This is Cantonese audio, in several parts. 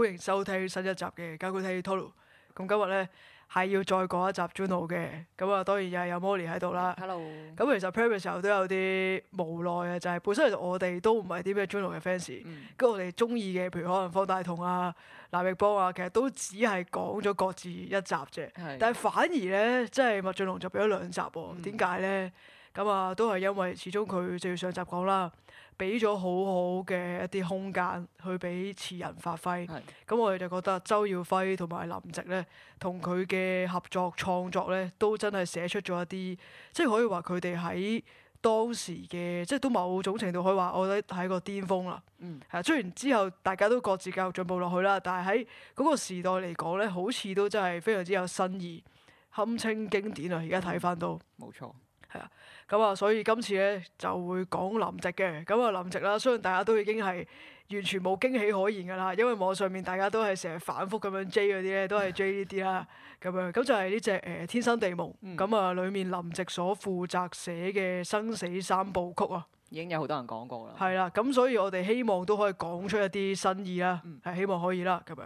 歡迎收聽新一集嘅《搞笑 TALK》。咁今日咧係要再講一集 Juno 嘅，咁啊當然又係有 Molly 喺度啦。Hello。咁其實 prepare 嘅時候都有啲無奈啊，就係、是、本身其實我哋都唔係啲咩 Juno 嘅 fans，咁我哋中意嘅，譬如可能方大同啊、藍奕邦啊，其實都只係講咗各自一集啫。的但係反而咧，即係麥浚龍就俾咗兩集喎。點解咧？咁啊、嗯，都係因為始終佢就要上集講啦。俾咗好好嘅一啲空間去俾詞人發揮，咁的我哋就覺得周耀輝同埋林夕咧，同佢嘅合作創作咧，都真係寫出咗一啲，即係可以話佢哋喺當時嘅，即係都某種程度可以話，我覺得係一個巔峰啦。嗯，係。雖然之後大家都各自教育進步落去啦，但係喺嗰個時代嚟講咧，好似都真係非常之有新意，堪稱經典啊！而家睇翻都冇錯。係啊，咁啊，所以今次咧就會講林夕嘅。咁啊，林夕啦，雖然大家都已經係完全冇驚喜可言噶啦，因為網上面大家都係成日反覆咁樣 jay 嗰啲咧，都係 jay 呢啲啦咁樣。咁就係呢隻誒《天生地夢》咁啊。裏面林夕所負責寫嘅《生死三部曲》啊，已經有好多人講過啦。係啦，咁所以我哋希望都可以講出一啲新意啦，係希望可以啦咁樣。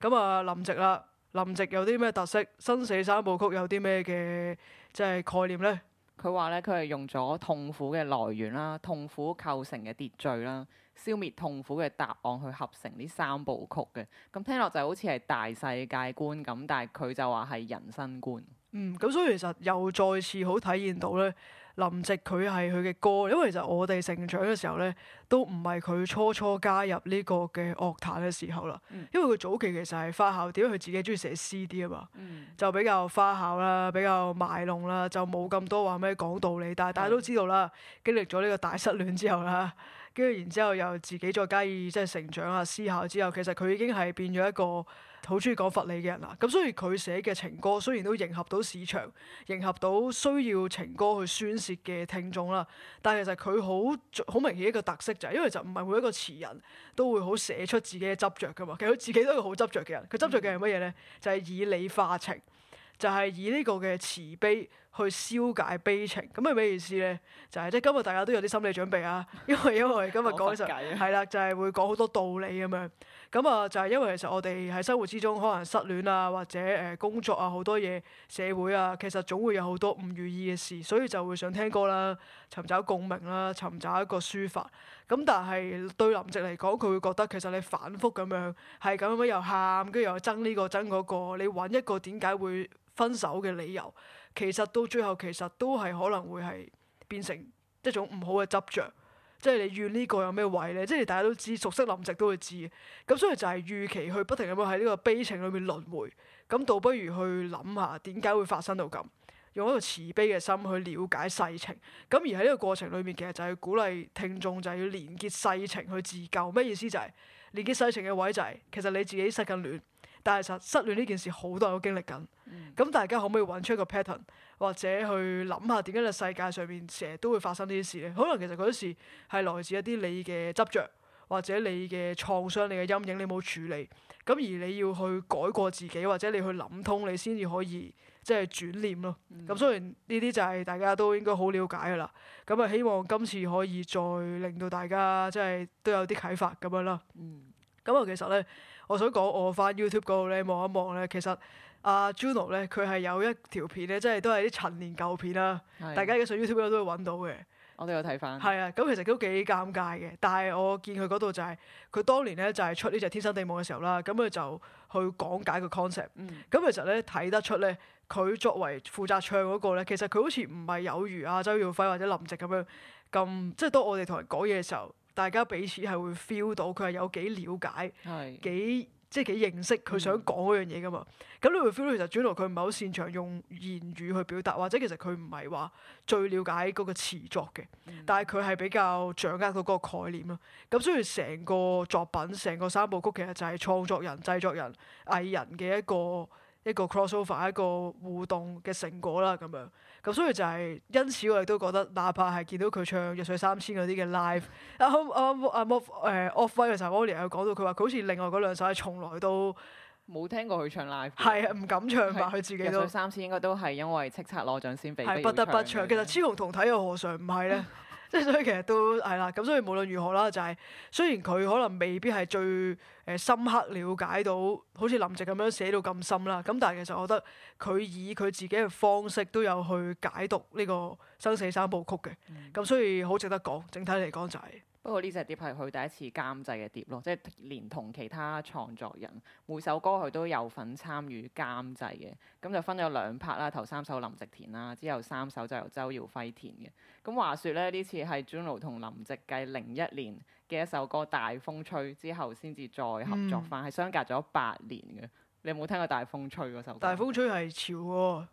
咁啊，林夕啦，林夕有啲咩特色？《生死三部曲》有啲咩嘅即係概念咧？佢話咧，佢係用咗痛苦嘅來源啦、痛苦構成嘅秩序啦、消滅痛苦嘅答案去合成呢三部曲嘅。咁聽落就好似係大世界觀咁，但係佢就話係人生觀。嗯，咁所以其實又再次好體現到咧、嗯。林夕佢係佢嘅歌，因為其實我哋成長嘅時候咧，都唔係佢初初加入呢個嘅樂壇嘅時候啦。嗯、因為佢早期其實係花巧，點解佢自己中意寫詩啲啊嘛，嗯、就比較花巧啦，比較賣弄啦，就冇咁多話咩講道理。但係大家都知道啦，是的 經歷咗呢個大失戀之後啦，跟住然之後又自己再加以即係成長啊思考之後，其實佢已經係變咗一個。好中意講佛理嘅人啦，咁所以佢寫嘅情歌雖然都迎合到市場，迎合到需要情歌去宣泄嘅聽眾啦，但係其實佢好好明顯一個特色就係，因為就唔係每一個詞人都會好寫出自己嘅執著噶嘛，其實佢自己都係一個好執著嘅人，佢執著嘅係乜嘢咧？就係以理化情，就係以呢個嘅慈悲，去消解悲情，咁係咩意思咧？就係即係今日大家都有啲心理準備啊，因為因為今日講起上嚟係啦，就係會講好多道理咁樣。咁啊，就係因為其實我哋喺生活之中可能失戀啊，或者誒工作啊好多嘢，社會啊其實總會有好多唔如意嘅事，所以就會想聽歌啦，尋找共鳴啦，尋找一個抒發。咁但係對林夕嚟講，佢會覺得其實你反覆咁樣係咁樣又喊，跟住又憎呢個憎嗰個，你揾一個點解會？分手嘅理由，其實到最後其實都係可能會係變成一種唔好嘅執着，即係你怨呢個有咩位咧？即係大家都知，熟悉林夕都會知。咁所以就係預期去不停咁樣喺呢個悲情裏面輪回，咁倒不如去諗下點解會發生到咁，用一個慈悲嘅心去了解世情。咁而喺呢個過程裏面，其實就係鼓勵聽眾就係要連結世情去自救。咩意思就係連結世情嘅位就係、是、其實你自己失緊戀。但係實失戀呢件事好多人都經歷緊，咁、嗯、大家可唔可以揾出一個 pattern，或者去諗下點解個世界上面成日都會發生呢啲事咧？可能其實嗰啲事係來自一啲你嘅執著，或者你嘅創傷、你嘅陰影，你冇處理，咁而你要去改過自己，或者你去諗通，你先至可以即係、就是、轉念咯。咁、嗯、雖然呢啲就係大家都應該好了解㗎喇，咁啊希望今次可以再令到大家即係、就是、都有啲啟發咁樣啦。咁啊、嗯、其實咧。我想講，我翻 YouTube 嗰度咧，望一望咧，其實阿 Juno 咧佢係有一條片咧，即係都係啲陳年舊片啦。的大家要上 YouTube 都都會揾到嘅。我都有睇翻。係啊，咁其實都幾尷尬嘅。但係我見佢嗰度就係、是、佢當年咧就係出呢隻《天生地夢》嘅時候啦。咁佢就去講解個 concept。咁、嗯、其實咧，睇得出咧，佢作為負責唱嗰、那個咧，其實佢好似唔係有如阿周耀輝或者林夕咁樣咁，即係當我哋同人講嘢嘅時候。大家彼此係會 feel 到佢係有幾了解，是幾即係幾認識佢想講嗰樣嘢㗎嘛？咁、嗯、你會 feel 到其實轉來佢唔係好擅長用言語去表達，或者其實佢唔係話最了解嗰個詞作嘅，嗯、但係佢係比較掌握到嗰個概念囉。咁所以成個作品、成個三部曲其實就係創作人、製作人、藝人嘅一個，一個 crossover 一個互動嘅成果啦咁樣，咁所以就係、是、因此我哋都覺得，哪怕係見到佢唱 live,《弱水三千》嗰啲嘅 live，阿阿阿莫誒惡費其實 Olly 又講到，佢話佢好似另外嗰兩首係從來都冇聽過佢唱 live，係唔敢唱吧佢是自己都《弱水三千》應該都係因為叱咤攞獎先，係不得不唱。其實雌雄同體又何嘗唔係咧？ 即所以其實都係啦，咁所以無論如何啦，就係雖然佢可能未必係最誒深刻了解到，好似林夕咁樣寫到咁深啦，咁但係其實我覺得佢以佢自己嘅方式都有去解讀呢個生死三部曲嘅，咁所以好值得講。整體嚟講就係。不過呢隻碟係佢第一次監製嘅碟咯，即係連同其他創作人，每首歌佢都有份參與監製嘅。咁就分咗兩拍啦，頭三首林夕填啦，之後三首就由周耀輝填嘅。咁話說咧，呢次係 Juno 同林夕繼零一年嘅一首歌《大風吹》之後，先至再合作翻，係、嗯、相隔咗八年嘅。你有冇聽過《大風吹》嗰首歌？大風吹係潮喎。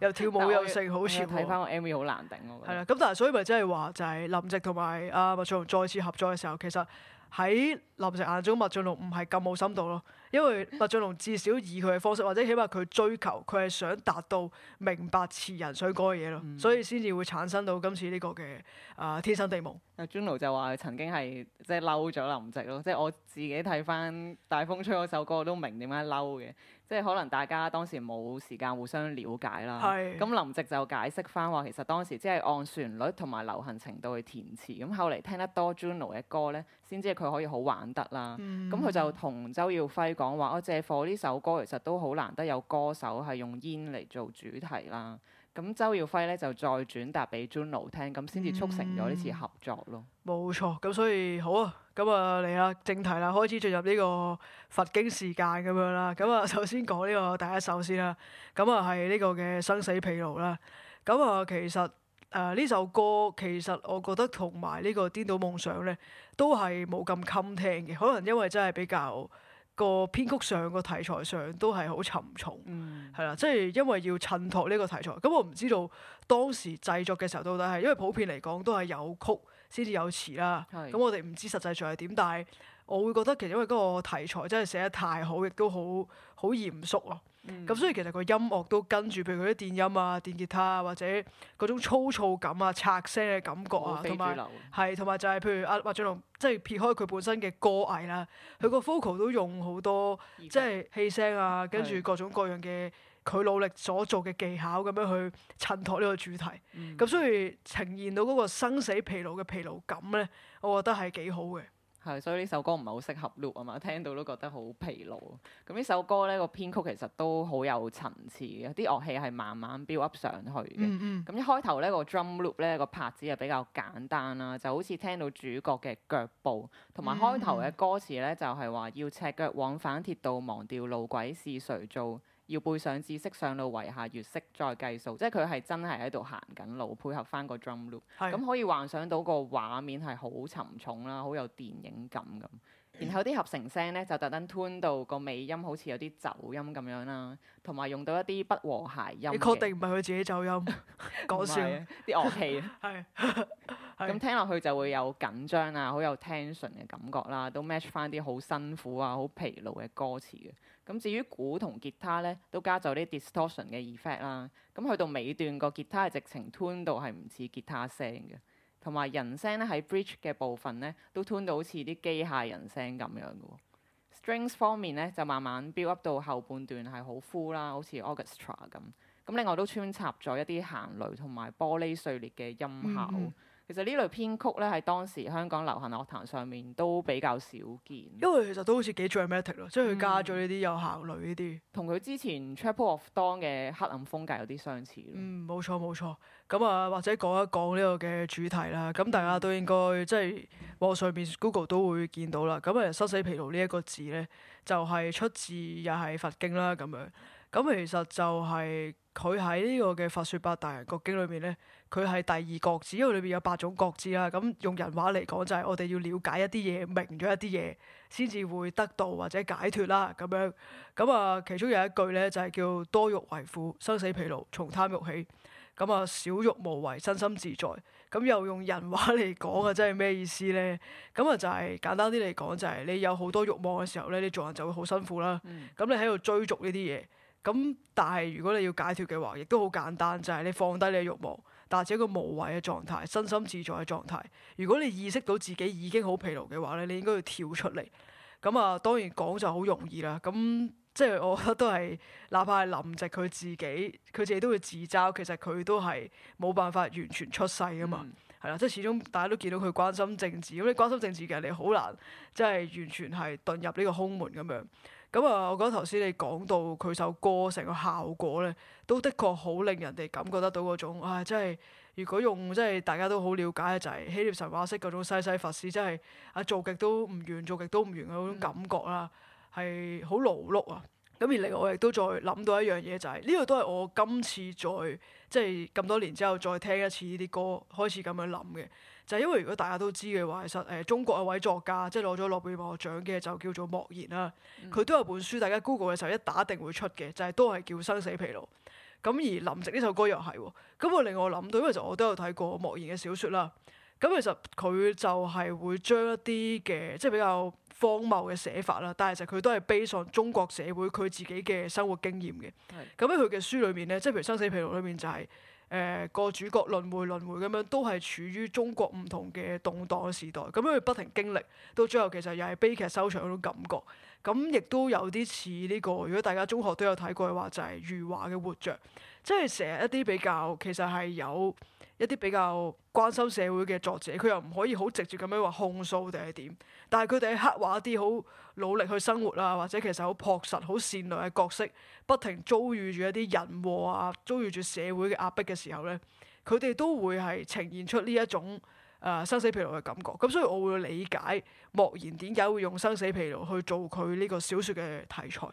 又跳舞又成，好似睇翻個 MV 好難頂的我覺得。係啦，咁但係所以咪即係話就係、就是、林夕同埋阿麥浚龍再次合作嘅時候，其實喺林夕眼中麥浚龍唔係咁冇深度咯，因為麥浚龍至少以佢嘅方式，或者起碼佢追求佢係想達到明白詞人想講嘅嘢咯，嗯、所以先至會產生到今次呢個嘅啊天生地夢。麥浚龍就話曾經係即係嬲咗林夕咯，即、就、係、是、我自己睇翻《大風吹》嗰首歌，我都明點解嬲嘅。即係可能大家當時冇時間互相了解啦。咁是的 林夕就解釋翻話，其實當時即係按旋律同埋流行程度去填詞。咁後嚟聽得多 Juno 嘅歌呢，先知佢可以好玩得啦。咁佢、嗯、就同周耀輝講話：我借火呢首歌，其實都好難得有歌手係用煙嚟做主題啦。咁周耀輝呢，就再轉達俾 Juno 聽，咁先至促成咗呢次合作咯。冇、嗯、錯。咁所以好啊。咁啊嚟啦，正題啦，開始進入呢個佛經時間咁樣啦。咁啊，首先講呢個第一首先啦。咁啊，係呢個嘅生死疲勞啦。咁啊，其實誒呢、呃、首歌其實我覺得同埋、這個、呢個顛倒夢想咧，都係冇咁襟聽嘅。可能因為真係比較個編曲上個題材上都係好沉重，係、嗯、啦，即係因為要襯托呢個題材。咁我唔知道當時製作嘅時候到底係因為普遍嚟講都係有曲。先至有詞啦，咁、嗯、我哋唔知實際上係點，但係我會覺得其實因為嗰個題材真係寫得太好，亦都好好嚴肅咯。咁、嗯、所以其實個音樂都跟住，譬如嗰啲電音啊、電吉他啊，或者嗰種粗糙感啊、拆聲嘅感覺啊，同埋係同埋就係譬如阿麥浚龍，即係撇開佢本身嘅歌藝啦，佢個 vocal 都用好多區即係氣聲啊，跟住各種各樣嘅。佢努力所做嘅技巧咁樣去襯托呢個主題，咁、嗯、所以呈現到嗰個生死疲勞嘅疲勞感咧，我覺得係幾好嘅。係，所以呢首歌唔係好適合 loop 啊嘛，聽到都覺得好疲勞。咁呢首歌咧，個編曲其實都好有層次嘅，啲樂器係慢慢飆 up 上去嘅。咁、嗯嗯、一開頭咧，個 drum loop 咧，個拍子係比較簡單啦，就好似聽到主角嘅腳步，同埋開頭嘅歌詞咧就係話要赤腳往返鐵道，忘掉路軌是誰做。要背上知識上路維下，越識再計數，即係佢係真係喺度行緊路，配合翻個 drum loop，咁是的 可以幻想到個畫面係好沉重啦，好有電影感咁。然後啲合成聲咧就特登 tune 到個尾音好似有啲走音咁樣啦，同埋用到一啲不和諧音，音。你確定唔係佢自己走音？講笑，啲樂器。係。 咁聽落去就會有緊張啊，好有 tension 嘅感覺啦，都 match 翻啲好辛苦啊、好疲勞嘅歌詞嘅。咁至於鼓同吉他咧，都加咗啲 distortion 嘅 effect 啦。咁去到尾段個吉他係直情 tune 到係唔似吉他聲嘅，同埋人聲咧喺 bridge 嘅部分咧都 tune 到好似啲機械人聲咁樣嘅。Strings 方面咧就慢慢 build up 到後半段係好 full 啦，好似 orchestra 咁。咁另外都穿插咗一啲行雷同埋玻璃碎裂嘅音效。嗯其實呢類編曲咧，喺當時香港流行樂壇上面都比較少見。因為其實都好似幾 dramatic 咯，嗯、即係佢加咗呢啲有效率呢啲，同佢之前《Trap of Dawn》嘅黑暗風格有啲相似。嗯，冇錯冇錯。咁啊，或者講一講呢個嘅主題啦。咁大家都應該即係網上面 Google 都會見到啦。咁啊，生死疲勞呢一個字咧，就係、是、出自又係佛經啦咁樣。咁其實就係佢喺呢個嘅《佛說八大人覺經裡呢》裏面咧。佢係第二國字，因為裏邊有八種國字啦。咁用人話嚟講，就係我哋要了解一啲嘢，明咗一啲嘢，先至會得到或者解脫啦。咁樣咁啊，其中有一句咧，就係叫多欲為苦，生死疲勞從貪欲起。咁啊，少欲無為，身心自在。咁又用人話嚟講啊，即係咩意思咧？咁啊、就是，就係簡單啲嚟講，就係你有好多欲望嘅時候咧，你做人就會好辛苦啦。咁、嗯、你喺度追逐呢啲嘢，咁但係如果你要解脫嘅話，亦都好簡單，就係、是、你放低你嘅欲望。達至一個無謂嘅狀態，身心自在嘅狀態。如果你意識到自己已經好疲勞嘅話咧，你應該要跳出嚟。咁啊，當然講就好容易啦。咁即係我覺得都係，哪怕係林夕佢自己，佢自己都會自嘲。其實佢都係冇辦法完全出世噶嘛。係啦、嗯，即係始終大家都見到佢關心政治。咁你關心政治其實，你好難即係完全係遁入呢個空門咁樣。咁啊、嗯，我覺得頭先你講到佢首歌成個效果咧，都的確好令人哋感覺得到嗰種啊，真係如果用即係大家都好了解就係、是、希臘神話式嗰種西西弗斯，即係啊做極都唔完，做極都唔完嗰種感覺啦，係好勞碌啊！咁而另外我亦都再諗到一樣嘢就係、是、呢、這個都係我今次再即係咁多年之後再聽一次呢啲歌，開始咁樣諗嘅。就因為如果大家都知嘅話，其實誒中國有位作家即係攞咗諾貝爾文學獎嘅就叫做莫言啦，佢、嗯、都有本書，大家 Google 嘅時候一打定會出嘅，就係、是、都係叫《生死疲勞》。咁而林夕呢首歌又係喎，咁我令我諗到，因為其實我都有睇過莫言嘅小說啦。咁其實佢就係會將一啲嘅即係比較荒謬嘅寫法啦，但係其實佢都係悲 a 中國社會佢自己嘅生活經驗嘅。咁喺佢嘅書裏面咧，即係譬如《生死疲勞》裏面就係、是。誒個、呃、主角輪迴輪迴咁樣，都係處於中國唔同嘅動盪時代，咁樣佢不停經歷，到最後其實又係悲劇收場嗰種感覺。咁亦都有啲似呢個，如果大家中學都有睇過嘅話，就係、是、余華嘅《活着》，即係成日一啲比較其實係有。一啲比較關心社會嘅作者，佢又唔可以好直接咁樣話控訴定係點，但係佢哋刻畫一啲好努力去生活啦，或者其實好樸實、好善良嘅角色，不停遭遇住一啲人禍啊，遭遇住社會嘅壓迫嘅時候咧，佢哋都會係呈現出呢一種誒、呃、生死疲勞嘅感覺。咁所以我會理解莫言點解會用生死疲勞去做佢呢個小説嘅題材。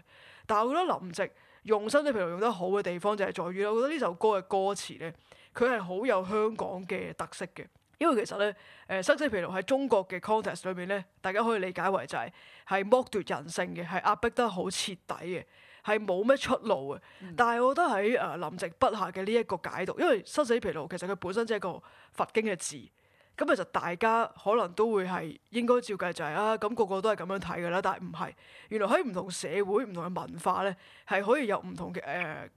但係我覺得林夕用生死疲勞用得好嘅地方就係在於，我覺得呢首歌嘅歌詞咧。佢係好有香港嘅特色嘅，因為其實咧，誒生死疲勞喺中國嘅 context 裏面咧，大家可以理解為就係、係、係剝奪人性嘅，係壓迫得好徹底嘅，係冇咩出路嘅。嗯、但係我覺得喺誒林夕筆下嘅呢一個解讀，因為生死疲勞其實佢本身即係個佛經嘅字，咁其實大家可能都會係應該照計就係、係、啊，咁、咁個個都係咁樣睇㗎啦。但係唔係，原來喺唔同社會、唔同嘅文化咧，係可以有唔同嘅誒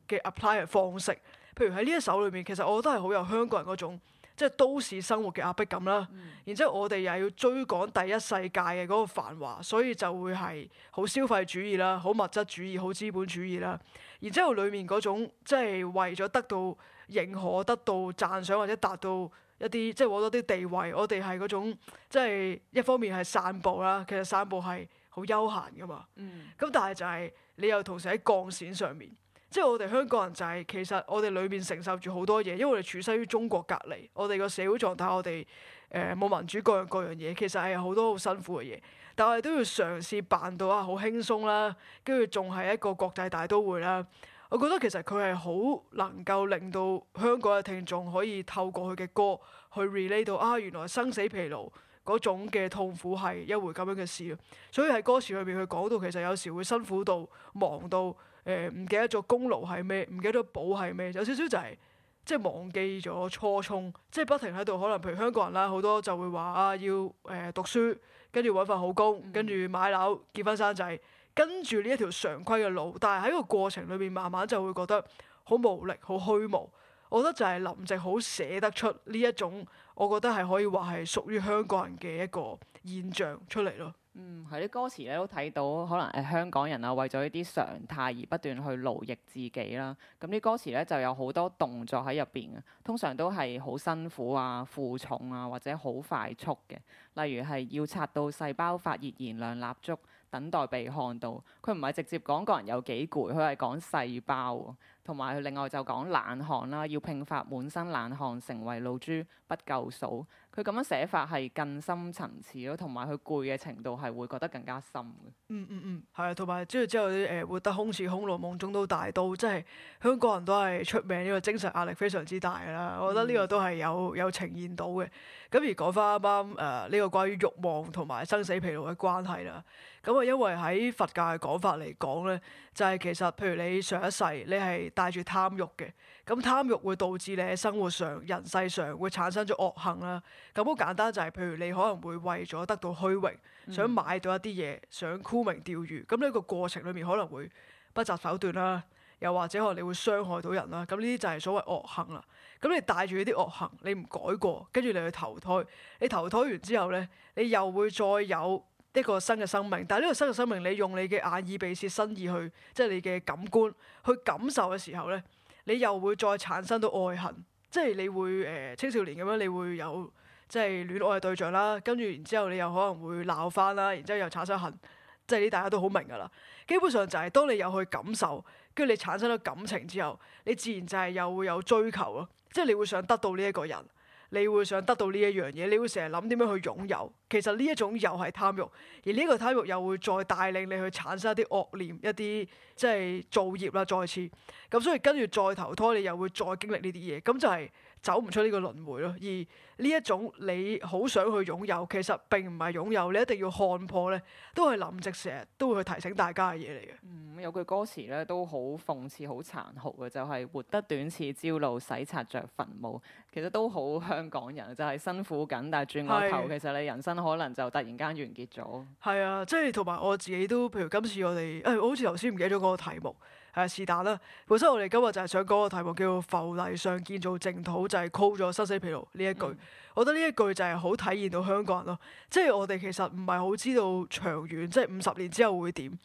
嘅、呃、apply 嘅方式。譬如喺呢一首裏面，其實我都係好有香港人嗰種即係、就是、都市生活嘅壓迫感啦。嗯、然之後我哋又要追趕第一世界嘅嗰個繁華，所以就會係好消費主義啦，好物質主義，好資本主義啦。然之後裡面嗰種即係、就是、為咗得到認可、得到讚賞或者達到一啲即係攞多啲地位，我哋係嗰種即係、就是、一方面係散步啦，其實散步係好休閒㗎嘛。咁、嗯、但係就係你又同時喺鋼線上面。即係我哋香港人就係，其實我哋裏面承受住好多嘢，因為我哋處身於中國隔籬，我哋個社會狀態，我哋誒冇民主各樣各樣嘢，其實係好多好辛苦嘅嘢，但係都要嘗試扮到啊好輕鬆啦，跟住仲係一個國際大都會啦。我覺得其實佢係好能夠令到香港嘅聽眾可以透過佢嘅歌去 relate 到啊，原來生死疲勞嗰種嘅痛苦係一回咁樣嘅事。所以喺歌詞裏面佢講到，其實有時會辛苦到、忙到。誒唔、呃、記得咗功勞係咩，唔記得咗保係咩，有少少就係即係忘記咗初衷，即、就、係、是、不停喺度可能，譬如香港人啦，好多就會話啊要誒讀書，跟住揾份好工，跟住買樓結婚生仔，跟住呢一條常規嘅路，但係喺個過程裏邊慢慢就會覺得好無力、好虛無。我覺得就係林夕好寫得出呢一種，我覺得係可以話係屬於香港人嘅一個現象出嚟咯。嗯，係啲歌詞咧都睇到，可能係香港人啊，為咗呢啲常態而不斷去勞役自己啦。咁、嗯、啲歌詞咧就有好多動作喺入邊嘅，通常都係好辛苦啊、負重啊或者好快速嘅。例如係要拆到細胞發熱燃亮蠟燭，等待被看到。佢唔係直接講個人有幾攰，佢係講細胞。同埋佢另外就講冷汗啦，要拼發滿身冷汗成為露珠，不夠數。佢咁樣寫法係更深層次咯，同埋佢攰嘅程度係會覺得更加深嘅、嗯。嗯嗯嗯，係啊，同埋之後之後啲誒活得空似空《恐龍夢中都大刀，即係香港人都係出名呢個精神壓力非常之大啦。我覺得呢個都係有有呈現到嘅。咁而講翻啱啱誒呢個關於慾望同埋生死疲勞嘅關係啦。咁啊，因為喺佛教嘅講法嚟講咧，就係其實譬如你上一世你係帶住貪欲嘅。咁貪欲會導致你喺生活上、人世上會產生咗惡行啦。咁好簡單，就係譬如你可能會為咗得到虛榮，想買到一啲嘢，想沽名釣譽。咁呢個過程裏面可能會不擇手段啦，又或者可能你會傷害到人啦。咁呢啲就係所謂惡行啦。咁你帶住呢啲惡行，你唔改過，跟住你去投胎，你投胎完之後咧，你又會再有一個新嘅生命。但係呢個新嘅生命，你用你嘅眼耳鼻舌身意去，即係你嘅感官去感受嘅時候咧。你又會再產生到愛恨，即係你會誒、呃、青少年咁樣，你會有即係、就是、戀愛嘅對象啦，跟住然之後你又可能會鬧翻啦，然之後又產生恨，即係啲大家都好明噶啦。基本上就係當你有去感受，跟住你產生咗感情之後，你自然就係又會有追求咯，即係你會想得到呢一個人。你會想得到呢一樣嘢，你會成日諗點樣去擁有，其實呢一種又係貪欲，而呢個貪欲又會再帶領你去產生一啲惡念、一啲即係造業啦，再次咁，所以跟住再投胎，你又會再經歷呢啲嘢，咁就係。走唔出呢個輪迴咯，而呢一種你好想去擁有，其實並唔係擁有，你一定要看破呢，都係林夕成日都會、都會去提醒大家嘅嘢嚟嘅。嗯，有句歌詞呢都好諷刺、好殘酷嘅，就係、是、活得短似，朝露，洗刷着，墳墓。其實都好香港人，就係、是、辛苦緊，但係轉個頭，的其實你人生可能就突然間完結咗。係啊，即係同埋我自己都，譬如今次我哋，誒、哎，我好似頭先唔記得咗嗰個題目。係是但啦，本身我哋今日就係想講個題目叫做浮泥上建造淨土，就係操咗生死疲勞呢一句。嗯、我覺得呢一句就係好體現到香港人咯，即係我哋其實唔係好知道長遠，即係五十年之後會點。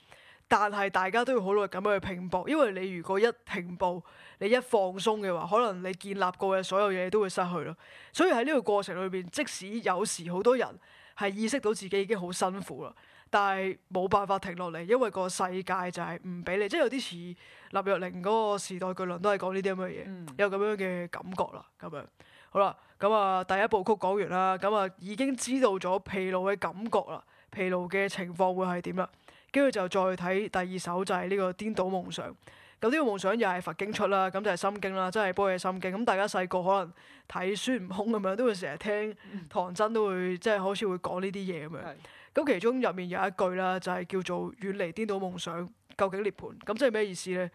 但係大家都要好努力咁樣去拼搏，因為你如果一停步，你一放鬆嘅話，可能你建立過嘅所有嘢都會失去咯。所以喺呢個過程裏邊，即使有時好多人係意識到自己已經好辛苦啦。但係冇辦法停落嚟，因為個世界就係唔俾你，即係有啲似《立若零》嗰個時代巨輪都係講呢啲咁嘅嘢，嗯、有咁樣嘅感覺啦，咁樣好啦。咁、嗯、啊，第一部曲講完啦，咁、嗯、啊已經知道咗疲勞嘅感覺啦，疲勞嘅情況會係點啦？跟住就再睇第二首，就係、是、呢、這個《顛倒夢想》。咁、嗯、呢個夢想又係佛經出啦，咁就係《心經》啦、嗯，真係《般若心經》。咁大家細個可能睇孫悟空咁樣，都會成日聽唐僧，都會、嗯、即係好似會講呢啲嘢咁樣。嗯嗯咁其中入面有一句啦，就係叫做「遠離顛倒夢想，究竟涅槃」。咁即係咩意思咧？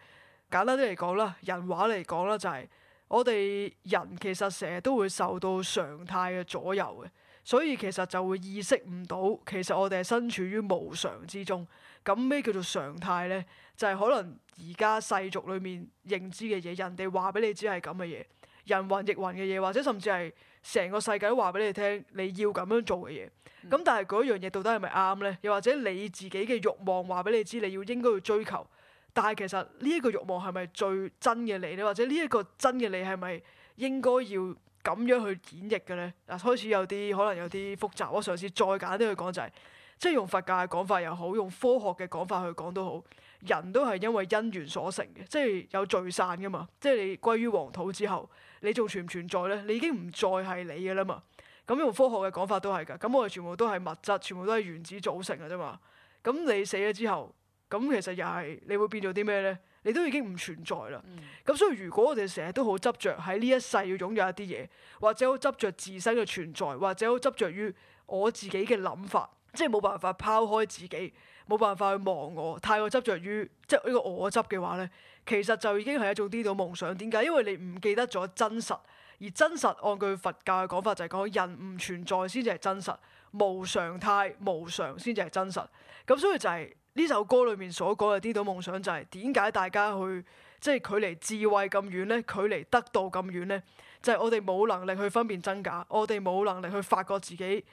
簡單啲嚟講啦，人話嚟講啦，就係我哋人其實成日都會受到常態嘅左右嘅，所以其實就會意識唔到，其實我哋係身處於無常之中。咁咩叫做常態咧？就係、是、可能而家世俗裏面認知嘅嘢，人哋話俾你知係咁嘅嘢，人云亦云嘅嘢，或者甚至係。成個世界都話俾你聽，你要咁樣做嘅嘢。咁但係嗰樣嘢到底係咪啱咧？又或者你自己嘅欲望話俾你知，你應該要應該去追求。但係其實呢一個欲望係咪最真嘅你咧？或者呢一個真嘅你係咪應該要咁樣去演繹嘅咧？嗱，開始有啲可能有啲複雜。我嘗試再簡單啲去講就係、是，即係用佛教嘅講法又好，用科學嘅講法去講都好，人都係因為因緣所成嘅，即係有聚散噶嘛。即係你歸於黃土之後。你仲存唔存在咧？你已經唔再係你嘅啦嘛。咁用科學嘅講法都係噶。咁我哋全部都係物質，全部都係原子組成嘅啫嘛。咁你死咗之後，咁其實又係你會變做啲咩咧？你都已經唔存在啦。咁、嗯、所以如果我哋成日都好執着喺呢一世要擁有一啲嘢，或者好執着自身嘅存在，或者好執着於我自己嘅諗法，即係冇辦法拋開自己。冇辦法去忘我，太過執着於即係呢個我執嘅話咧，其實就已經係一種顛倒夢想。點解？因為你唔記得咗真實，而真實按佢佛教嘅講法就係講人唔存在先至係真實，無常態、無常先至係真實。咁所以就係呢首歌裏面所講嘅顛倒夢想就係點解大家去即係、就是、距離智慧咁遠咧，距離得道咁遠咧，就係、是、我哋冇能力去分辨真假，我哋冇能力去發覺自己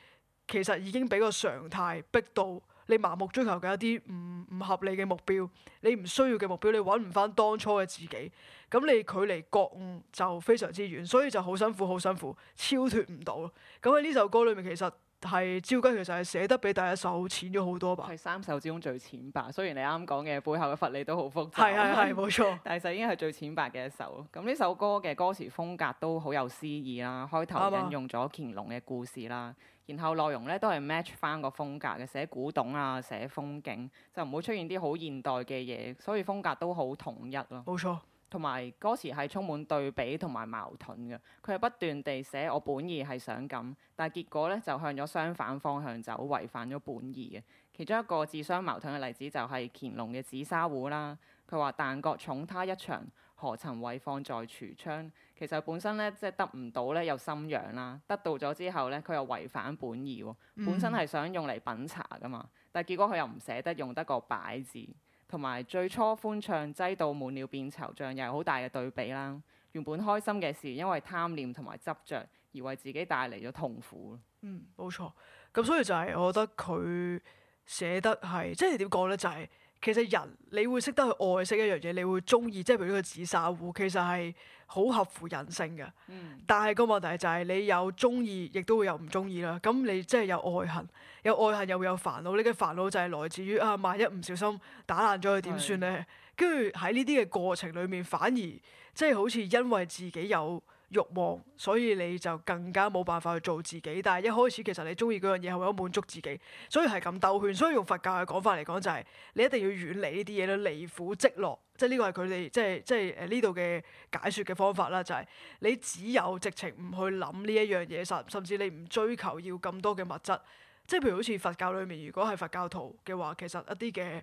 其實已經俾個常態逼到。你盲目追求嘅一啲唔唔合理嘅目標，你唔需要嘅目標，你揾唔翻當初嘅自己，咁你距離覺悟就非常之遠，所以就好辛苦，好辛苦，超脫唔到。咁喺呢首歌裏面，其實係照計，其實係寫得比第一首淺咗好多吧？係三首之中最淺白，雖然你啱啱講嘅背後嘅佛理都好複雜。係係係，冇錯。但係就已經係最淺白嘅一首。咁呢首歌嘅歌詞風格都好有詩意啦，開頭引用咗乾隆嘅故事啦。然後內容咧都係 match 翻個風格嘅，寫古董啊，寫風景就唔會出現啲好現代嘅嘢，所以風格都好統一咯。冇錯，同埋歌詞係充滿對比同埋矛盾嘅，佢係不斷地寫我本意係想咁，但係結果咧就向咗相反方向走，違反咗本意嘅。其中一個自相矛盾嘅例子就係乾隆嘅紫砂壺啦，佢話但覺寵他一場，何曾為放在櫥窗。其實本身咧，即係得唔到咧，又心癢啦；得到咗之後咧，佢又違反本意喎、啊。本身係想用嚟品茶噶嘛，但係結果佢又唔捨得用，得個擺字，同埋最初歡唱擠到滿了變惆悵，又係好大嘅對比啦。原本開心嘅事，因為貪念同埋執着，而為自己帶嚟咗痛苦。嗯，冇錯。咁所以就係我覺得佢寫得係，即係點講咧，就係、是。就是其實人你會識得去愛惜一樣嘢，你會中意，即係譬如呢個紫砂壺，其實係好合乎人性嘅。嗯。但係個問題就係你有中意，亦都會有唔中意啦。咁你即係有愛恨，有愛恨又會有煩惱。你嘅煩惱就係來自於啊，萬一唔小心打爛咗佢點算咧？跟住喺呢啲嘅是過程裏面，反而即係好似因為自己有。欲望，所以你就更加冇辦法去做自己。但係一開始其實你中意嗰樣嘢係為咗滿足自己，所以係咁兜圈。所以用佛教嘅講法嚟講就係，你一定要遠離呢啲嘢咯，離苦即樂。即係呢個係佢哋即係即係誒呢度嘅解説嘅方法啦，就係、是、你只有直情唔去諗呢一樣嘢實，甚至你唔追求要咁多嘅物質。即係譬如好似佛教裏面，如果係佛教徒嘅話，其實一啲嘅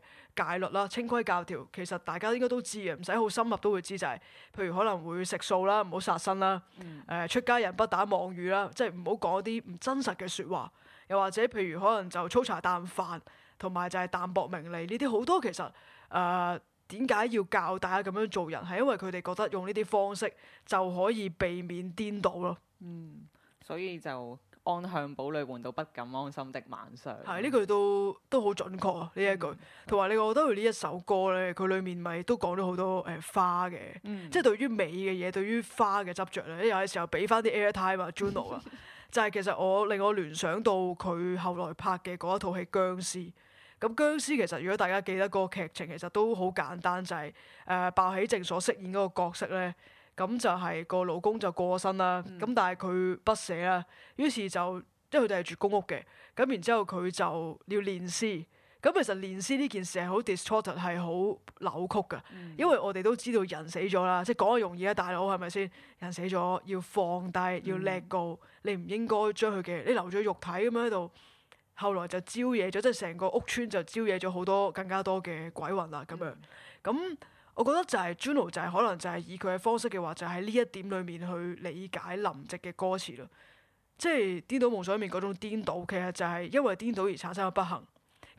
戒律啦、清規教條，其實大家應該都知嘅，唔使好深入都會知就係、是，譬如可能會食素啦、唔好殺生啦、誒、嗯呃、出家人不打妄語啦，即係唔好講一啲唔真實嘅説話，又或者譬如可能就粗茶淡飯，同埋就係淡薄名利，呢啲好多其實誒點解要教大家咁樣做人，係因為佢哋覺得用呢啲方式就可以避免顛倒咯。嗯，所以就。方向堡壘換到不敢安心的晚上，係呢句都都好準確啊！呢一句，同埋你覺得佢呢一首歌咧，佢裡面咪都講咗好多誒花嘅，嗯、即係對於美嘅嘢，對於花嘅執着咧。有嘅時候俾翻啲 airtime 啊 Juno 啊， o, 就係其實我令我聯想到佢後來拍嘅嗰一套戲《僵屍》。咁《僵屍》其實如果大家記得嗰個劇情，其實都好簡單，就係誒鮑起靜所飾演嗰個角色咧。咁就係個老公就過身啦，咁、嗯、但係佢不捨啦，於是就，即係佢哋係住公屋嘅，咁然之後佢就要煉屍，咁其實煉屍呢件事係好 distorted，係好扭曲噶，嗯、因為我哋都知道人死咗啦，即係講係容易啊，大佬係咪先？人死咗要放低，要叻告，嗯、你唔應該將佢嘅，你留咗肉體咁樣喺度，後來就招惹咗，即係成個屋村就招惹咗好多更加多嘅鬼魂啦，咁樣，咁、嗯。我覺得就係 Juno 就係可能就係以佢嘅方式嘅話，就喺呢一點裏面去理解林夕嘅歌詞咯、就是。即係《顛倒夢想》裏面嗰種顛倒，其實就係因為顛倒而產生嘅不幸。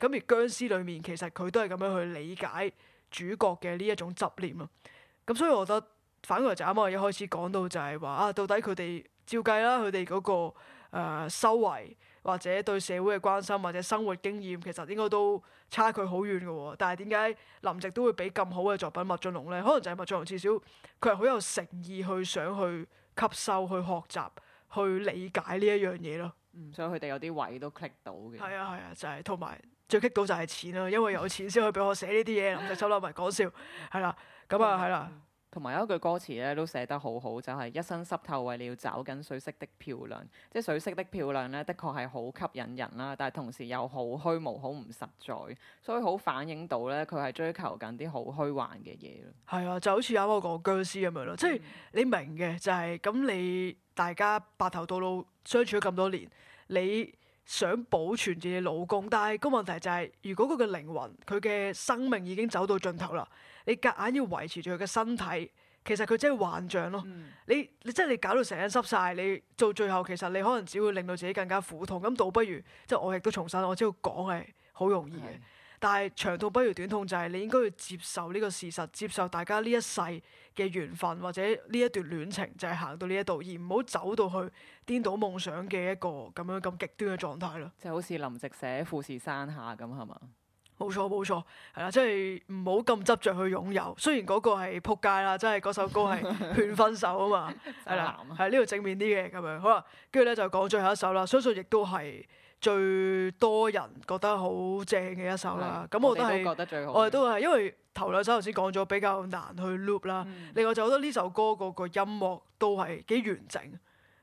咁而《殭屍》裏面其實佢都係咁樣去理解主角嘅呢一種執念咯。咁所以我覺得反過來就啱啱我一開始講到就係話啊，到底佢哋照計啦、那個，佢哋嗰個誒修為。或者對社會嘅關心，或者生活經驗，其實應該都差距好遠嘅喎。但係點解林夕都會俾咁好嘅作品麥浚龍咧？可能就係麥浚龍至少佢係好有誠意去想去吸收、去學習、去理解呢一樣嘢咯。嗯，所以佢哋有啲位都 click 到嘅。係 啊係啊，就係同埋最棘到就係錢啦，因為有錢先可以俾我寫呢啲嘢。 林夕收樓唔係講笑，係啦、啊，咁啊係啦。同埋有一句歌詞咧，都寫得好好，就係一身濕透，為了要找緊水色的漂亮。即係水色的漂亮咧，的確係好吸引人啦。但係同時又好虛無，好唔實在，所以好反映到咧，佢係追求緊啲好虛幻嘅嘢咯。係啊，就好似啱啱我講僵屍咁樣咯。嗯、即係你明嘅就係咁，你大家白頭到老相處咗咁多年，你想保存住你老公，但係個問題就係，如果佢嘅靈魂、佢嘅生命已經走到盡頭啦。你夾硬要維持住佢嘅身體，其實佢真係幻象咯。嗯、你你真係你搞到成身濕晒，你做最後其實你可能只會令到自己更加苦痛。咁倒不如即係、就是、我亦都重申，我只要講係好容易嘅，的但係長痛不如短痛，就係你應該要接受呢個事實，接受大家呢一世嘅緣分或者呢一段戀情就係、是、行到呢一度，而唔好走到去顛倒夢想嘅一個咁樣咁極端嘅狀態咯。就好似林夕寫富士山下咁係嘛？冇錯冇錯，係啦，即係唔好咁執着去擁有。雖然嗰個係仆街啦，即係嗰首歌係勸分手啊嘛，係啦 涼，係呢度正面啲嘅咁樣。好啦，跟住咧就講最後一首啦。相信亦都係最多人覺得好正嘅一首啦。咁的我，我都係，我哋都係，因為頭兩首頭先講咗比較難去 loop 啦、嗯。另外就覺得呢首歌個個音樂都係幾完整，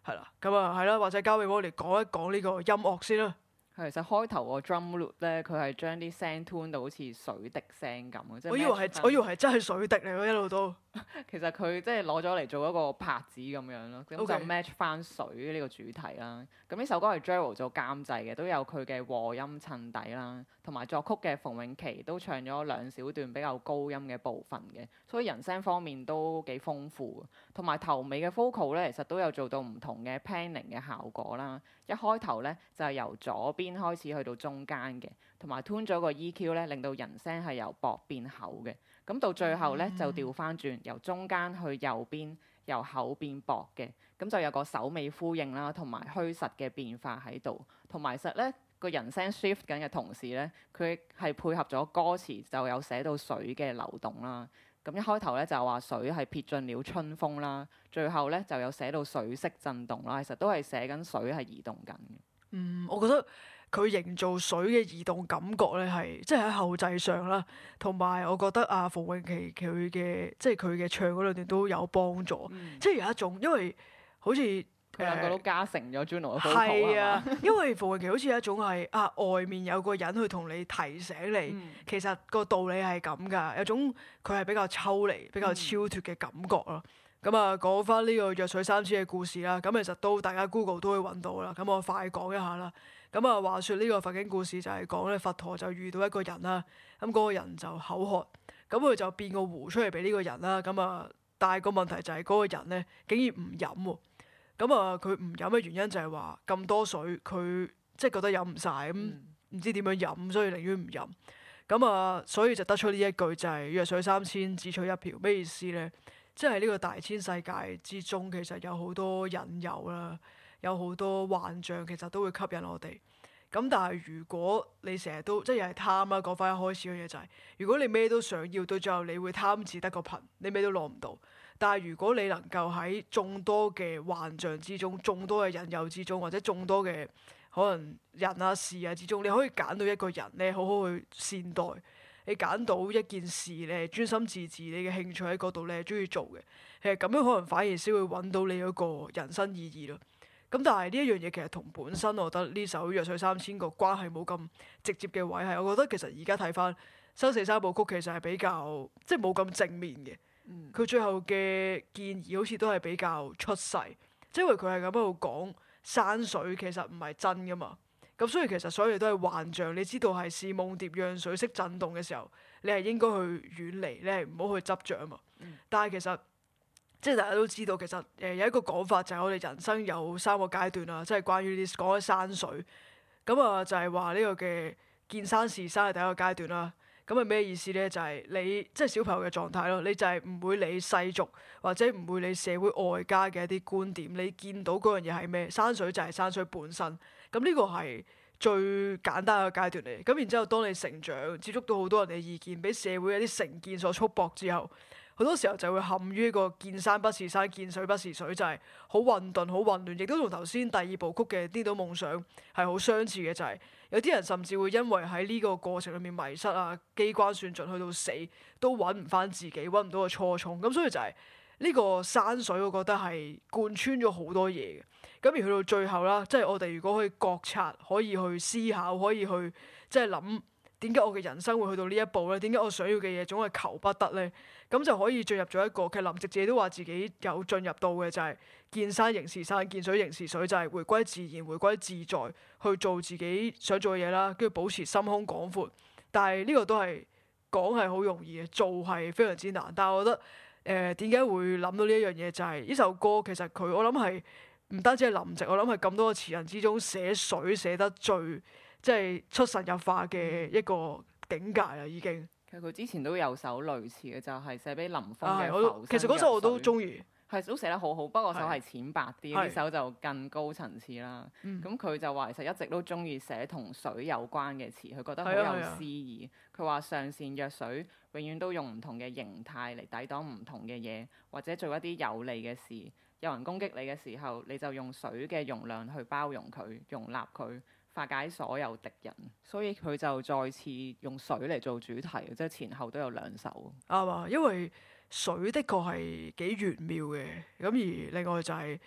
係啦。咁啊，係啦，或者交俾我哋講一講呢個音樂先啦。其實開頭個 drum loop 咧，佢係將啲聲調到好似水滴聲咁嘅，即係我以為係我以為係真係水滴嚟噶。一路都。 其實佢即係攞咗嚟做一個拍子咁樣咯，咁就 match 翻水呢個主題啦。咁呢首歌係 Javel 做監製嘅，都有佢嘅和音襯底啦，同埋作曲嘅馮穎琪都唱咗兩小段比較高音嘅部分嘅，所以人聲方面都幾豐富。同埋頭尾嘅 vocal 咧，其實都有做到唔同嘅 panning 嘅效果啦。一開頭咧就係、是、由左邊開始去到中間嘅，同埋 tune 咗個 EQ 咧，令到人聲係由薄變厚嘅。咁到最後咧就調翻轉，由中間去右邊，由厚變薄嘅，咁就有個首尾呼應啦，同埋虛實嘅變化喺度，同埋實咧個人聲 shift 緊嘅同時咧，佢係配合咗歌詞就有寫到水嘅流動啦。咁一開頭咧就話水係撇進了春風啦，最後咧就有寫到水色震動啦。其實都係寫緊水係移動緊嘅。嗯，我覺得。佢營造水嘅移動感覺咧，係即係喺後製上啦，同埋我覺得阿馮穎琪佢嘅即係佢嘅唱嗰兩段都有幫助，嗯、即係有一種因為好似兩個都加成咗 Juno 啊。係啊是吧， 因為馮穎琪好似有一種係啊外面有個人去同你提醒你，嗯、其實個道理係咁㗎，有種佢係比較抽離、比較超脱嘅感覺咯。咁啊、嗯嗯這個，講翻呢個弱水三千嘅故事啦，咁其實都大家 Google 都可以揾到啦。咁我快講一下啦。咁啊，話説呢個佛經故事就係講咧，佛陀就遇到一個人啦，咁嗰個人就口渴，咁佢就變個湖出嚟俾呢個人啦，咁啊，但係個問題就係嗰個人咧竟然唔飲喎，咁啊佢唔飲嘅原因就係話咁多水，佢即係覺得飲唔晒，咁唔知點樣飲，所以寧願唔飲，咁啊，所以就得出呢一句就係、是、弱水三千，只取一瓢，咩意思咧？即係呢個大千世界之中，其實有好多引誘啦。有好多幻象，其實都會吸引我哋。咁但係如果你成日都即係又係貪啦、啊，講翻一開始嘅嘢就係、是，如果你咩都想要，到最後你會貪至得個貧，你咩都攞唔到。但係如果你能夠喺眾多嘅幻象之中、眾多嘅引誘之中，或者眾多嘅可能人啊、事啊之中，你可以揀到一個人，你好好去善待；你揀到一件事，你專心致志，你嘅興趣喺嗰度，你係中意做嘅。其實咁樣可能反而先會揾到你嗰個人生意義咯。咁但係呢一樣嘢其實同本身我覺得呢首《弱水三千》個關係冇咁直接嘅位係，我覺得其實而家睇翻《生死三部曲》其實係比較即係冇咁正面嘅。佢、嗯、最後嘅建議好似都係比較出世，即係因為佢係咁喺度講山水其實唔係真噶嘛。咁所以其實所有嘢都係幻象。你知道係是夢蝶讓水色震動嘅時候，你係應該去遠離，你係唔好去執著啊嘛。嗯、但係其實。即係大家都知道，其實誒、呃、有一個講法就係我哋人生有三個階段啦，即係關於呢啲講山水。咁啊、呃、就係話呢個嘅見山，山是山係第一個階段啦。咁係咩意思咧？就係、是、你即係小朋友嘅狀態咯，你就係唔會理世俗或者唔會理社會外加嘅一啲觀點。你見到嗰樣嘢係咩？山水就係山水本身。咁呢個係最簡單嘅階段嚟。咁然之後，當你成長，接觸到好多人嘅意見，俾社會一啲成見所束縛之後，好多時候就會陷於一個見山不是山、見水不是水，就係好混濁、好混亂，亦都同頭先第二部曲嘅《跌倒夢想》係好相似嘅，就係、是、有啲人甚至會因為喺呢個過程裏面迷失啊、機關算盡去到死都揾唔翻自己、揾唔到個初衷，咁所以就係呢個山水，我覺得係貫穿咗好多嘢嘅。咁而去到最後啦，即、就、係、是、我哋如果可以覺察、可以去思考、可以去即係諗。就是點解我嘅人生會去到呢一步咧？點解我想要嘅嘢總係求不得咧？咁就可以進入咗一個，其實林夕自己都話自己有進入到嘅就係見山仍是山，見水仍是水，就係回歸自然，回歸自在，去做自己想做嘅嘢啦，跟住保持心胸廣闊。但係呢個都係講係好容易嘅，做係非常之難。但係我覺得，誒點解會諗到呢一樣嘢？就係呢首歌其實佢我諗係唔單止係林夕，我諗係咁多個詞人之中寫水寫得最即係出神入化嘅一個境界啦，已經。其實佢之前都有首類似嘅，就係、是、寫俾林峯嘅、啊。其實嗰首我都中意，係都寫得好好，不過首係淺白啲，呢首是的 就更高層次啦。咁佢、嗯、就話其實一直都中意寫同水有關嘅詞，佢覺得好有詩意。佢話上善若水，永遠都用唔同嘅形態嚟抵擋唔同嘅嘢，或者做一啲有利嘅事。有人攻擊你嘅時候，你就用水嘅容量去包容佢，容納佢。化解所有敵人，所以佢就再次用水嚟做主題，即係前後都有兩首。啱啊，因為水的確係幾玄妙嘅，咁而另外就係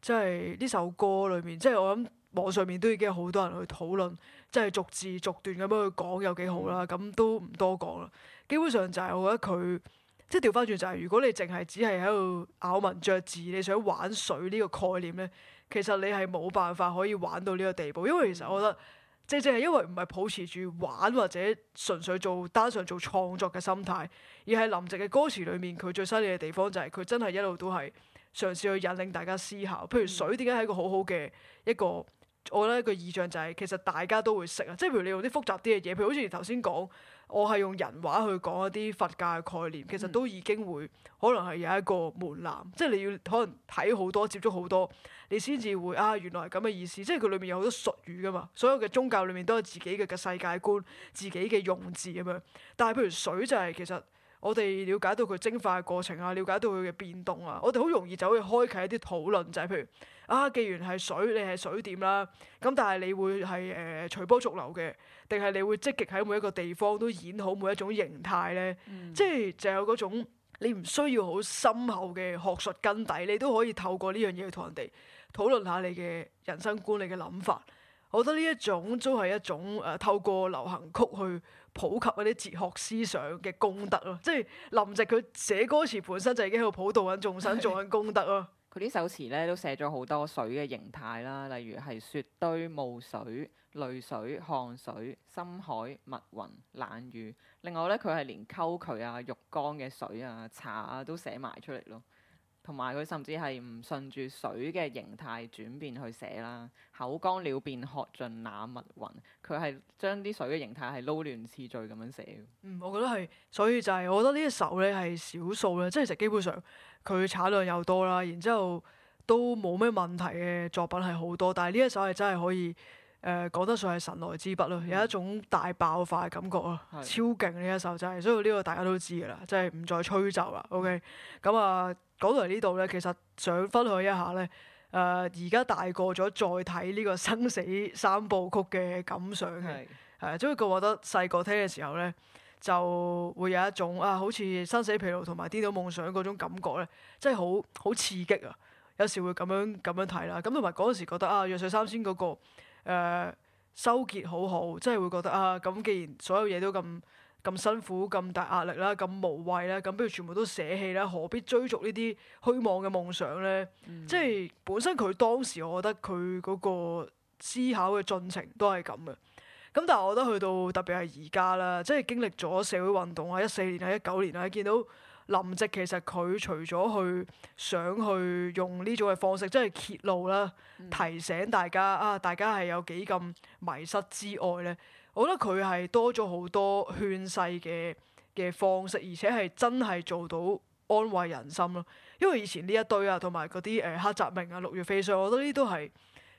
即係呢首歌裏面，即係我諗網上面都已經有好多人去討論，即係逐字逐段咁樣去講有幾好啦，咁都唔多講啦。基本上就係我覺得佢即係調翻轉，就係如果你淨係只係喺度咬文嚼字，你想玩水呢個概念咧。其實你係冇辦法可以玩到呢個地步，因為其實我覺得正正係因為唔係抱持住玩或者純粹做單純做創作嘅心態，而係林夕嘅歌詞裏面佢最犀利嘅地方就係，佢真係一路都係嘗試去引領大家思考。譬如水點解係一個好好嘅一個，我覺得一個意象就係，其實大家都會識啊，即係譬如你用啲複雜啲嘅嘢，譬如好似你頭先講。我係用人話去講一啲佛教嘅概念，其實都已經會可能係有一個門檻，即係你要可能睇好多，接觸好多，你先至會啊，原來係咁嘅意思。即係佢裏面有好多術語㗎嘛，所有嘅宗教裏面都有自己嘅世界觀、自己嘅用字咁樣。但係譬如水就係其實。我哋了解到佢蒸化嘅過程啊，了解到佢嘅變動啊，我哋好容易就可以開啟一啲討論，就係、是、譬如啊，既然係水，你係水點啦，咁但係你會係誒隨波逐流嘅，定係你會積極喺每一個地方都演好每一種形態咧？嗯、即係就有嗰種你唔需要好深厚嘅學術根底，你都可以透過呢樣嘢去同人哋討論下你嘅人生觀、你嘅諗法。我覺得呢一種都係一種誒、啊，透過流行曲去普及嗰啲哲學思想嘅功德咯。 即係林夕佢寫歌詞本身就已經喺度普渡緊眾生，想做緊功德咯。佢 呢首詞咧都寫咗好多水嘅形態啦，例如係雪堆、霧水、淚水、汗水、深海、密雲、冷雨。另外咧，佢係連溝渠啊、浴缸嘅水啊、茶啊都寫埋出嚟咯。同埋佢甚至係唔順住水嘅形態轉變去寫啦，口乾了變喝盡那密雲。佢係將啲水嘅形態係撈亂次序咁樣寫。嗯，我覺得係，所以就係、是、我覺得呢一首咧係少數咧，即、就、係、是、其實基本上佢產量又多啦，然之後都冇咩問題嘅作品係好多，但係呢一首係真係可以誒講、呃、得上係神來之筆咯，有一種大爆發嘅感覺啊，嗯、超勁呢一首就係，所以呢個大家都知噶啦，就係、是、唔再吹奏啦。OK，咁啊。講到嚟呢度咧，其實想分享一下咧，誒而家大個咗再睇呢個生死三部曲嘅感想，誒的、呃，因為覺得細個聽嘅時候咧，就會有一種啊，好似生死疲勞同埋《顛倒夢想》嗰種感覺咧，真係好好刺激啊！有時會咁樣咁樣睇啦，咁同埋嗰陣時覺得啊，《弱水三千》嗰個誒收結好好，真係會覺得啊，咁既然所有嘢都咁。咁辛苦、咁大壓力啦、咁無謂啦、咁不如全部都捨棄啦，何必追逐呢啲虛妄嘅夢想咧？嗯、即係本身佢當時，我覺得佢嗰個思考嘅進程都係咁嘅。咁但係我覺得去到特別係而家啦，即係經歷咗社會運動喺一四年、喺一九年啦，見到林夕其實佢除咗去想去用呢種嘅方式，即係揭露啦、提醒大家啊，大家係有幾咁迷失之外咧。我覺得佢係多咗好多勸世嘅嘅方式，而且係真係做到安慰人心咯。因為以前呢一堆啊，同埋嗰啲誒黑澤明啊、六月飛霜，我覺得呢啲都係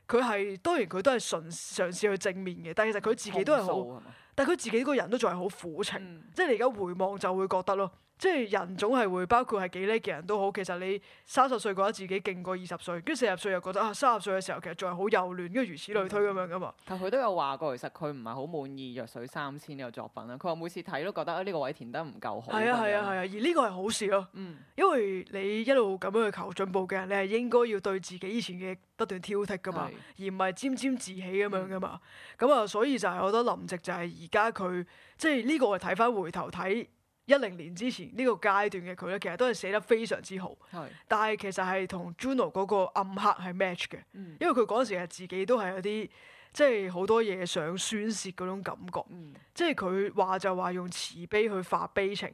佢係當然佢都係嘗嘗試去正面嘅，但係其實佢自己都係好，但係佢自己個人都仲係好苦情，即係你而家回望就會覺得咯。即係人總係會包括係幾叻嘅人都好，其實你三十歲嘅話自己勁過二十歲，跟住四十歲又覺得啊三十歲嘅時候其實仲係好幼嫩，跟住如此類推咁樣噶嘛、嗯。但佢都有話過，其實佢唔係好滿意《弱水三千》呢個作品啦。佢話每次睇都覺得呢個位填得唔夠好。係啊係啊係啊，啊！而呢個係好事咯、啊，嗯、因為你一路咁樣去求進步嘅，你係應該要對自己以前嘅不斷挑剔噶嘛，是而唔係沾沾自喜咁樣噶嘛。咁啊、嗯，所以就係我覺得林夕就係而家佢即係呢個係睇翻回頭睇。一零年之前呢、這個階段嘅佢咧，其實都係寫得非常之好。係是，但係其實係同 Juno 嗰個暗黑係 match 嘅，嗯、因為佢嗰陣時係自己都係有啲，即係好多嘢想宣泄嗰種感覺。嗯、即係佢話就話用慈悲去化悲情，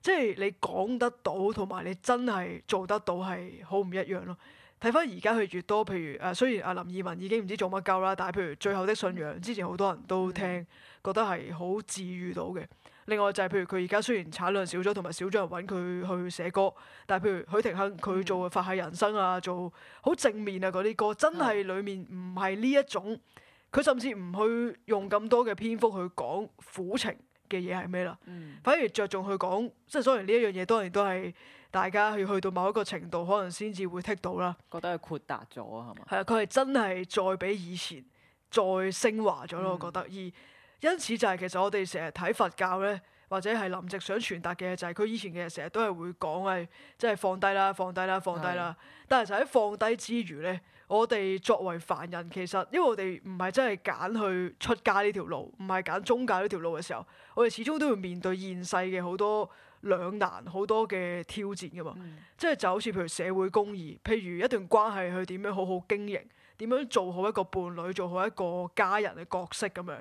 即、就、係、是、你講得到，同埋你真係做得到係好唔一樣咯。睇翻而家佢越多，譬如誒、啊，雖然阿林二汶已經唔知做乜鳩啦，但係譬如最後的信仰，之前好多人都聽，嗯、覺得係好治愈到嘅。另外就係譬如佢而家雖然產量少咗，同埋少咗人揾佢去寫歌，但係譬如許廷鏗佢做《發下人生》啊，做好正面啊嗰啲歌，真係裡面唔係呢一種。佢的甚至唔去用咁多嘅篇幅去講苦情嘅嘢係咩啦，嗯、反而着重去講。即係雖然呢一樣嘢當然都係大家要去到某一個程度，可能先至會剔到啦。覺得佢豁達咗係嘛？係啊，佢係真係再比以前再升華咗咯，嗯、我覺得而。因此就係、是、其實我哋成日睇佛教咧，或者係林夕想傳達嘅就係、是、佢以前嘅成日都係會講係即係放低啦，放低啦，放低啦。是的 但係就喺放低之餘咧，我哋作為凡人其實，因為我哋唔係真係揀去出家呢條路，唔係揀宗教呢條路嘅時候，我哋始終都要面對現世嘅好多兩難好多嘅挑戰㗎嘛。即係是的 就，就好似譬如社會公義，譬如一段關係佢點樣好好經營，點樣做好一個伴侶、做好一個家人嘅角色咁樣。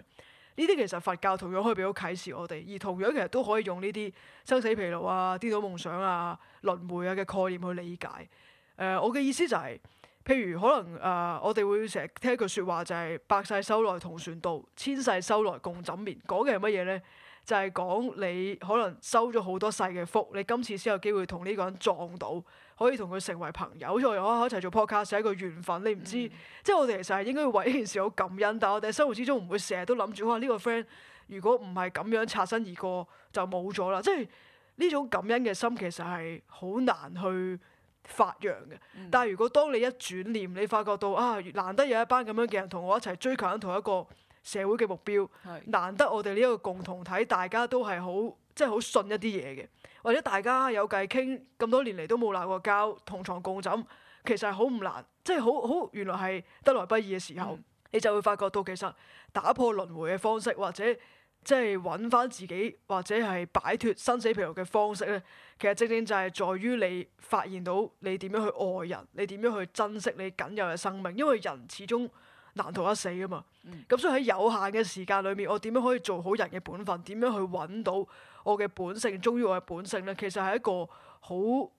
呢啲其實佛教同樣可以俾到啟示我哋，而同樣其實都可以用呢啲生死疲勞啊、顛倒夢想啊、輪迴啊嘅概念去理解。誒、呃，我嘅意思就係、是，譬如可能誒、呃，我哋會成日聽一句説話就係、是、百世修來同船渡，千世修來共枕眠。講嘅係乜嘢咧？就係、是、講你可能修咗好多世嘅福，你今次先有機會同呢個人撞到。可以同佢成為朋友，再一齊做 podcast 係一個緣分。你唔知，嗯、即係我哋其實係應該為呢件事好感恩，但係我哋生活之中唔會成日都諗住哇呢、呢個 friend 如果唔係咁樣擦身而過就冇咗啦。即係呢種感恩嘅心其實係好難去發揚嘅。嗯、但係如果當你一轉念，你發覺到啊，難得有一班咁樣嘅人同我一齊追求緊同一個社會嘅目標，是的 難得我哋呢一個共同體，大家都係好。即係好信一啲嘢嘅，或者大家有偈傾，咁多年嚟都冇鬧過交，同床共枕，其實係好唔難，即係好好原來係得來不易嘅時候，嗯、你就會發覺到其實打破輪迴嘅方式，或者即係揾翻自己，或者係擺脫生死疲勞嘅方式咧，其實正正就係在於你發現到你點樣去愛人，你點樣去珍惜你僅有嘅生命，因為人始終。難逃一死啊嘛！咁所以喺有限嘅時間裏面，我點樣可以做好人嘅本分？點樣去揾到我嘅本性，忠於我嘅本性咧？其實係一個好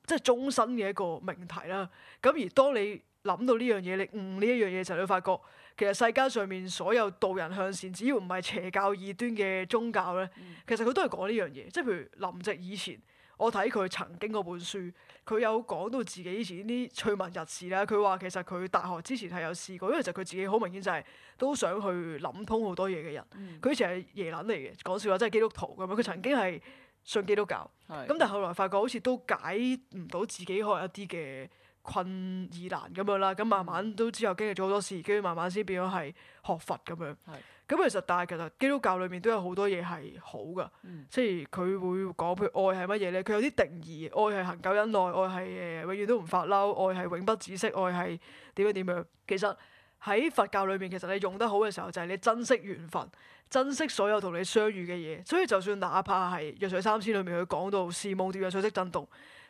即係終身嘅一個命題啦。咁而當你諗到呢樣嘢，你悟呢一樣嘢時候，你會發覺其實世間上面所有導人向善，只要唔係邪教異端嘅宗教咧，其實佢都係講呢樣嘢。即係譬如林夕以前，我睇佢曾經嗰本書。佢有講到自己以前啲趣聞逸事啦。佢話其實佢大學之前係有試過，因為其實佢自己好明顯就係都想去諗通好多嘢嘅人。佢、嗯、以前係耶撚嚟嘅，講笑話真係、就是、基督徒咁樣。佢曾經係信基督教，咁的但係後來發覺好似都解唔到自己可能一啲嘅困意難咁樣啦。咁慢慢都之後經歷咗好多事，跟住慢慢先變咗係學佛咁樣。咁其實，但係其實基督教裏面都有好多嘢係好噶，嗯、即係佢會講譬如愛係乜嘢咧？佢有啲定義，愛係恒久忍耐，愛係誒永遠都唔發嬲，愛係永不止息，愛係點樣點樣。其實喺佛教裏面，其實你用得好嘅時候，就係你珍惜緣分，珍惜所有同你相遇嘅嘢。所以就算哪怕係《弱水三千》裏面佢講到時夢蝶弱水」、「識，振動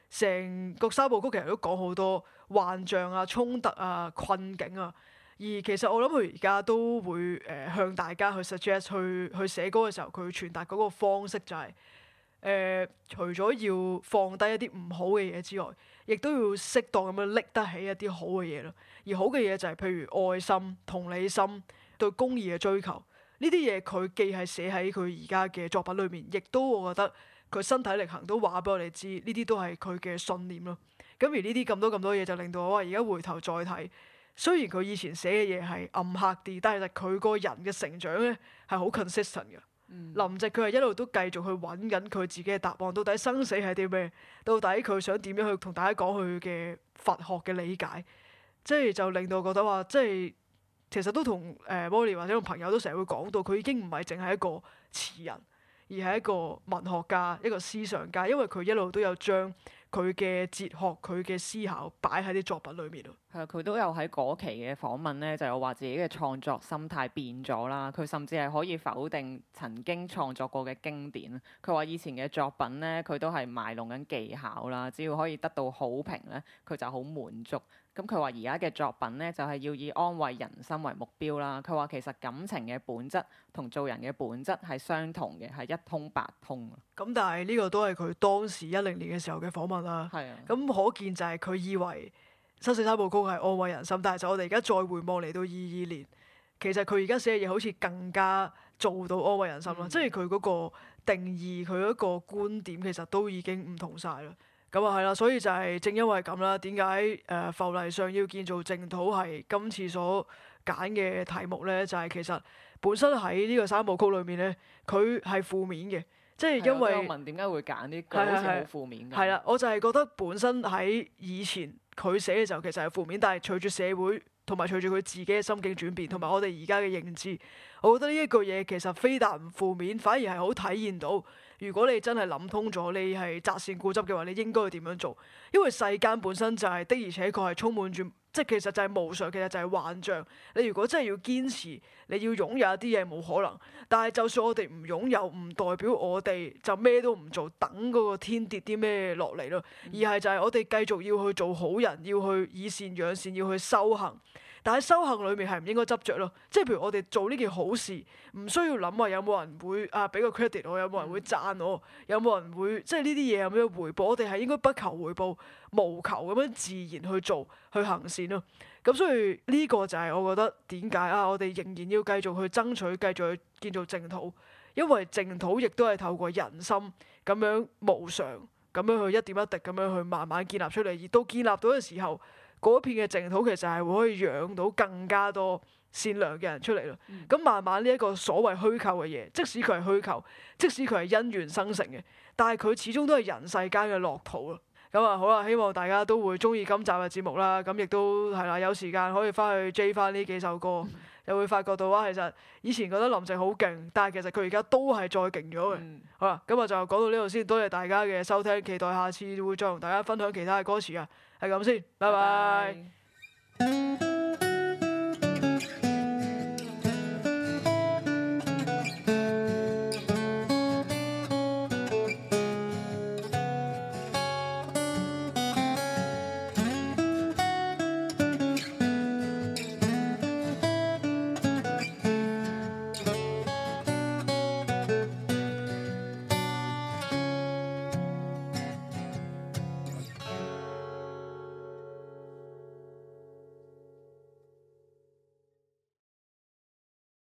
成個三部曲，其實都講好多幻象啊、衝突啊、困境啊。而其實我諗佢而家都會誒向大家去 suggest 去去寫歌嘅時候，佢傳達嗰個方式就係誒，除咗要放低一啲唔好嘅嘢之外，亦都要適當咁樣拎得起一啲好嘅嘢咯。而好嘅嘢就係譬如愛心、同理心、對公義嘅追求呢啲嘢，佢既係寫喺佢而家嘅作品裏面，亦都我覺得佢身體力行都話俾我哋知，呢啲都係佢嘅信念咯。咁而呢啲咁多咁多嘢就令到我話而家回頭再睇。雖然佢以前寫嘅嘢係暗黑啲，但係其實佢個人嘅成長咧係好 consistent 嘅。嗯、林夕佢係一路都繼續去揾緊佢自己嘅答案，到底生死係啲咩？到底佢想點樣去同大家講佢嘅佛學嘅理解？即係就令到我覺得話，即係其實都同誒 Molly 或者同朋友都成日會講到，佢已經唔係淨係一個詞人，而係一個文學家、一個思想家，因為佢一路都有將。佢嘅哲學，佢嘅思考擺喺啲作品裏面咯。係啊，佢都有喺嗰期嘅訪問咧，就有話自己嘅創作心態變咗啦。佢甚至係可以否定曾經創作過嘅經典。佢話以前嘅作品咧，佢都係賣弄緊技巧啦，只要可以得到好評咧，佢就好滿足。咁佢話而家嘅作品呢，就係、是、要以安慰人心為目標啦。佢話，其實感情嘅本質同做人嘅本質係相同嘅，係一通百通。咁但係呢個都係佢當時一零年嘅時候嘅訪問啦。係啊。咁可見，就係佢以為《三四三部曲》係安慰人心，但係就我哋而家再回望嚟到二二年，其實佢而家寫嘅嘢好似更加做到安慰人心啦。即係、嗯，佢嗰個定義，佢嗰個觀點其實都已經唔同晒啦。咁啊，係啦，所以就係，正因為咁啦，點解誒浮黎上要建造淨土係今次所揀嘅題目咧？就係、是、其實本身喺呢個三部曲裏面咧，佢係負面嘅，即係因為我問點解會揀呢句好似好負面嘅？係啦的，我就係覺得本身喺以前佢寫嘅時候其實係負面，但係隨住社會同埋隨住佢自己嘅心境轉變，同埋 我哋而家嘅認知，我覺得呢一句嘢其實非但唔負面，反而係好體現到。如果你真係諗通咗，你係擇善固執嘅話，你應該點樣做？因為世間本身就係的而且確係充滿住，即其實就係無常，其實就係幻象。你如果真係要堅持，你要擁有一啲嘢，冇可能。但係就算我哋唔擁有，唔代表我哋就咩都唔做，等嗰個天跌啲咩落嚟咯。而係就係我哋繼續要去做好人，要去以善養善，要去修行。但係修行裏面係唔應該執著咯，即係譬如我哋做呢件好事，唔需要諗話有冇人會啊俾個 credit 我，有冇人會讚我，有冇人會即係呢啲嘢有咩回報，我哋係應該不求回報，無求咁樣自然去做去行善咯。咁所以呢個就係我覺得點解啊，我哋仍然要繼續去爭取，繼續去建造淨土，因為淨土亦都係透過人心咁樣無常，咁樣去一點一滴咁樣去慢慢建立出嚟，而到建立到嘅時候。嗰一片嘅淨土其實係會可以養到更加多善良嘅人出嚟咯。咁慢慢呢一個所謂虛構嘅嘢，即使佢係虛構，即使佢係因緣生成嘅，但係佢始終都係人世間嘅樂土咯。咁啊好啦，希望大家都會中意今集嘅節目啦。咁亦都係啦，有時間可以翻去追翻呢幾首歌。 你會發覺到啊，其實以前覺得林夕好勁，但係其實佢而家都係再勁咗嘅。嗯、好啦，今日就講到呢度先，多謝大家嘅收聽，期待下次會再同大家分享其他嘅歌詞啊，係咁先，拜拜。拜拜。